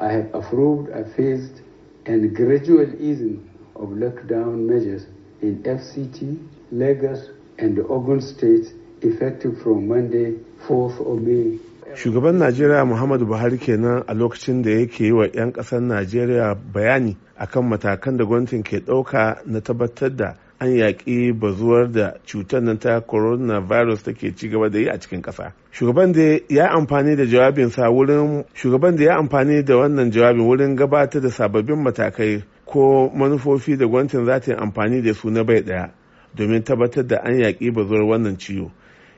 I have approved a phased and gradual easing of lockdown measures in FCT, Lagos, and Ogun states effective from Monday, 4th of May. Shugaban Najeriya Muhammadu Buhari kenan a lokacin da yake yi wa 'yan ƙasar Najeriya bayani akan matakan da gwamnatin ke ɗauka na tabbatar da an yaƙi bazuwar da cutar nan ta coronavirus take ci gaba da yi a cikin ƙasa. Shugaban da ya amfani da wannan jawabin wurin gabatar da sababbin matakai ko manufofi da gwamnatin za ta yi amfani da su na bai ɗaya domin tabbatar da an yaƙi bazuwar wannan ciwo.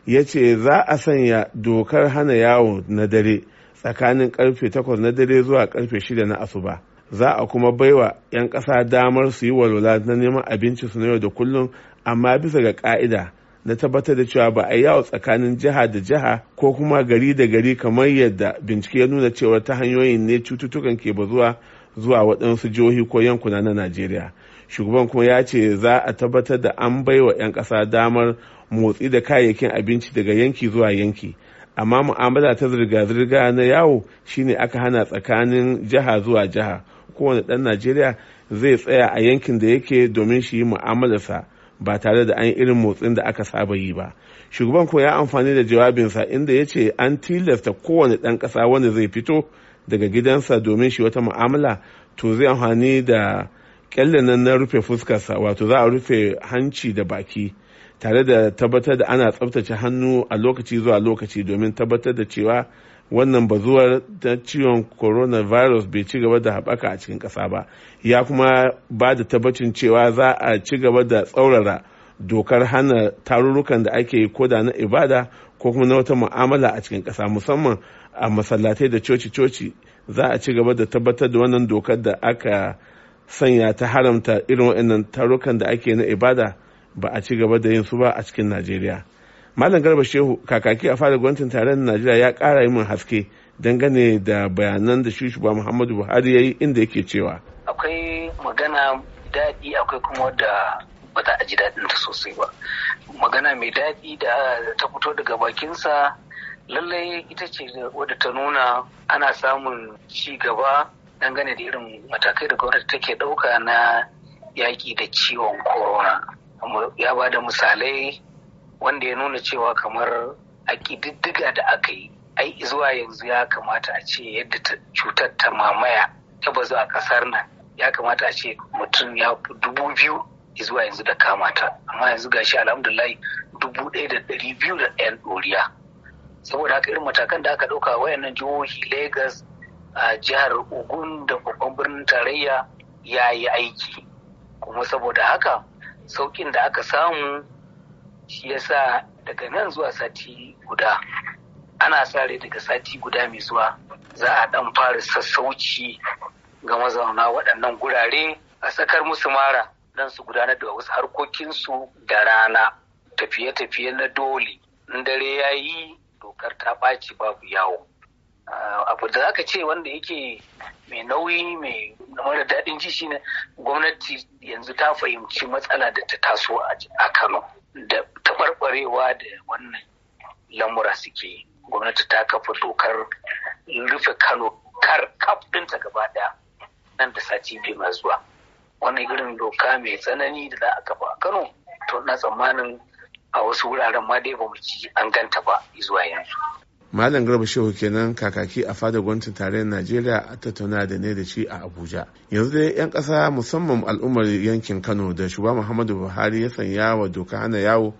Ya ce za a sanya dokar hana yawo na dare tsakanin karfe takwas na dare zuwa karfe shida na asuba. za a kuma baiwa 'yan ƙasa damar su yi walwala na neman abinci su na yau da kullum amma bisa ga ka'ida na tabbatar da cewa ba a yi yawo tsakanin jiha da jiha ko kuma gari da gari kamar yadda bincike ya nuna cewa ta hanyoyin ne cututtukan ke bazuwa zuwa waɗansu jihohi ko yankuna na najeriya shugaban kuma ya ce za a tabbatar da an baiwa 'yan ƙasa damar motsi da kayayyakin abinci daga yanki zuwa yanki amma mu'amala ta zirga-zirga na yawo shine aka hana tsakanin jiha zuwa jiha kowane ɗan najeriya zai tsaya a yankin da yake domin shi yi mu'amalarsa ba tare da an irin motsin da aka saba yi ba shugaban ko ya amfani da jawabinsa inda ya ce an tilasta kowane ɗan ƙasa wanda zai fito daga gidansa domin shi wata mu'amala to zai amfani da kyalle na rufe fuskarsa wato za a rufe hanci da baki tare da tabbatar da ana tsabtace hannu a lokaci zuwa lokaci domin tabbatar da cewa wannan bazuwar ta ciwon coronavirus bai ci gaba da haɓaka a cikin ƙasa ba ya kuma ba da tabbacin cewa za a ci gaba da tsaurara dokar hana tarurrukan da ake yi koda na ibada ko kuma na wata mu'amala a cikin ƙasa musamman a masallatai da coci-coci za a ci gaba da tabbatar da wannan dokar da aka sanya ta haramta irin waɗannan tarurrukan da ake na ibada ba a ci gaba da yin su ba a cikin najeriya malam garba shehu kakaki a fadar gwamnatin taron najeriya ya kara yi min haske dangane da bayanan da shugaba muhammadu buhari ya yi inda yake cewa akwai magana daɗi akwai kuma da ba za a ji daɗin ta sosai ba magana mai daɗi da ta fito daga bakinsa lallai ita ce wadda ta nuna ana samun ci gaba dangane da irin matakai da gwamnati take ɗauka na yaƙi da ciwon corona ya ba da misalai wanda ya nuna cewa kamar a ƙididdiga da aka yi ai zuwa yanzu ya kamata a ce yadda cutar ta mamaya ta bazu a ƙasar nan ya kamata a ce mutum ya dubu biyu zuwa yanzu da kamata amma yanzu ga shi, alhamdulillah dubu ɗaya da ɗari biyu da ɗayan ɗoriya saboda haka irin matakan da aka ɗauka wayannan jihohi lagos a jihar ogun da babban birnin tarayya ya yi aiki kuma saboda haka sauƙin da aka samu shi yasa daga nan zuwa sati guda ana sa rai daga sati guda mai zuwa za a dan fara sassauci ga mazauna waɗannan gurare a sakar musu mara don su gudanar da wasu harkokinsu da rana tafiye-tafiye na dole in dare ya yi dokar ta ɓaci babu yawo ah, abu da zaka ce wanda yake mai nauyi mai mara daɗin ji shine gwamnati yanzu ta fahimci matsala da ta taso a kano da ƙwarewa da wannan lamura suke gwamnati ta kafa dokar rufe kano kar kaf gaba ɗaya nan da sati biyu masu zuwa wani irin doka mai tsanani da za a kafa a kano to na tsammanin a wasu wuraren ma dai ba mu ci an ganta ba zuwa yanzu Malam Garba Shehu kenan kakaki a fadar gwamnatin tarayyar Najeriya a tattauna da ne da shi a Abuja. Yanzu dai 'yan ƙasa musamman al'ummar yankin Kano da shugaba Muhammadu Buhari ya sanya wa doka hana yawo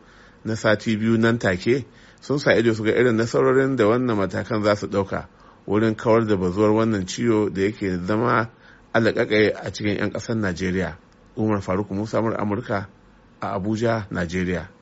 na sati biyu nan take sun sa ido su ga irin nasarorin da wannan matakan za su ɗauka wurin kawar da bazuwar wannan ciwo da yake zama alaƙaƙai a cikin 'yan ƙasar najeriya umar faruk musa amurka a abuja najeriya